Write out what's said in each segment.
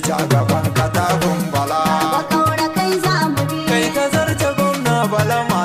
ci gaban katakun bala. Ba kai za mu bi. Kai ka zarce gwamna balama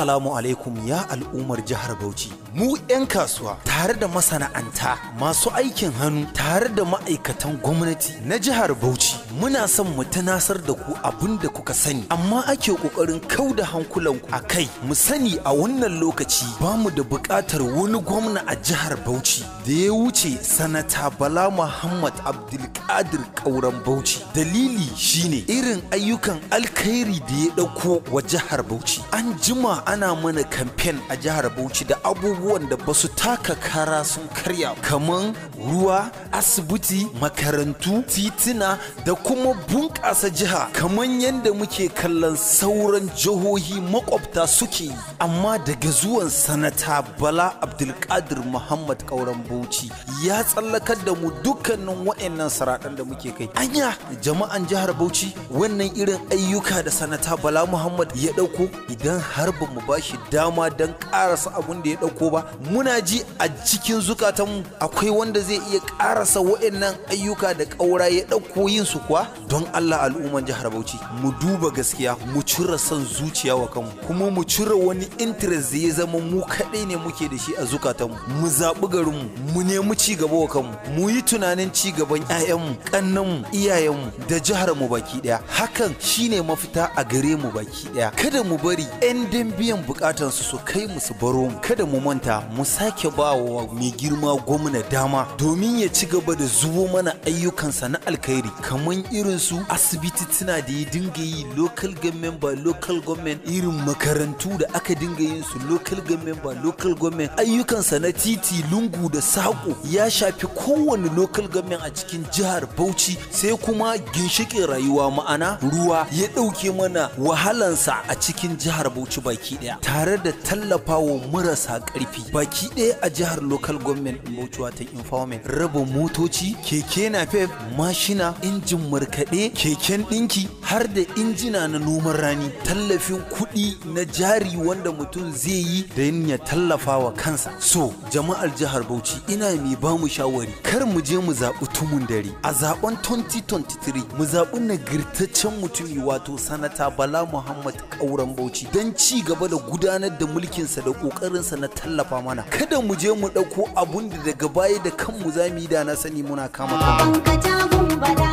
Assalamu alaikum ya al'ummar jihar Bauchi. Mu 'yan kasuwa tare da masana'anta masu aikin hannu tare da ma'aikatan gwamnati na jihar Bauchi. Muna son mu tunasar da ku abin da kuka sani, amma ake ƙoƙarin kau da hankulanku a kai. Mu sani a wannan lokaci ba mu da buƙatar wani gwamna a jihar Bauchi da ya wuce sanata Bala Muhammad Abdulkadir ƙauran Bauchi. Dalili shine irin ayyukan alkhairi da ya ɗauko wa jihar Bauchi. An jima ana mana kamfen a jihar Bauchi da abubuwan da basu taka kara sun karya kaman ruwa, asibiti, makarantu, titina da kuma bunƙasa jiha kaman yadda muke kallon sauran jihohi makwabta suke Amma daga zuwan sanata Bala Abdulkadir Muhammad Kauran Bauchi ya tsallakar da mu dukkanin waannan saraɗan da muke kai. Anya jama'an jihar Bauchi wannan irin ayyuka da sanata Bala Muhammad ya ɗauko idan har ba mu ba shi dama don karasa abin da ya ɗauko ba muna ji a cikin zukatanmu akwai wanda zai iya karasa waɗannan ayyuka da ƙaura ya ɗauko yin su kuwa don Allah al'umman jihar Bauchi mu duba gaskiya mu cire son zuciya wa kanmu kuma mu cire wani interest da ya zama mu kaɗai ne muke da shi a zukatanmu mu zaɓi garinmu mu nemi ci gaba wa kanmu mu yi tunanin ci gaban 'ya'yanmu ƙannanmu iyayenmu da jihar mu baki ɗaya hakan shine mafita a gare mu baki ɗaya kada mu bari 'yan dambiya biyan bukatansu su kai mu su baro mu kada mu manta mu sake ba wa mai girma gwamna dama domin ya ci gaba da zubo mana ayyukansa na alkhairi kamar irin su asibitituna da ya dinga yi local government ba local government irin makarantu da aka dinga yin su local government ba local government ayyukansa na titi lungu da saƙo ya shafi kowane local government a cikin jihar Bauchi sai kuma ginshiƙin rayuwa ma'ana ruwa ya ɗauke mana wahalansa a cikin jihar Bauchi baki baki daya tare da tallafawa marasa karfi baki daya a jihar local government Bauchi watan empowerment raba motoci keke na fef mashina injin markaɗe keken ɗinki har da injina na noman rani tallafin kuɗi na jari wanda mutum zai yi da yin ya tallafa wa kansa so jama'ar jihar Bauchi ina mai ba mu shawari kar mu je mu zaɓi tumun dare a zaɓen 2023 mu zaɓi nagartaccen mutumi wato sanata Bala Muhammad Kauran Bauchi don ci gaba gaba da gudanar da mulkinsa da ƙoƙarinsa na tallafa mana kada mu je mu ɗauko abun da daga baya da kanmu za mu yi da na sani muna kama kanmu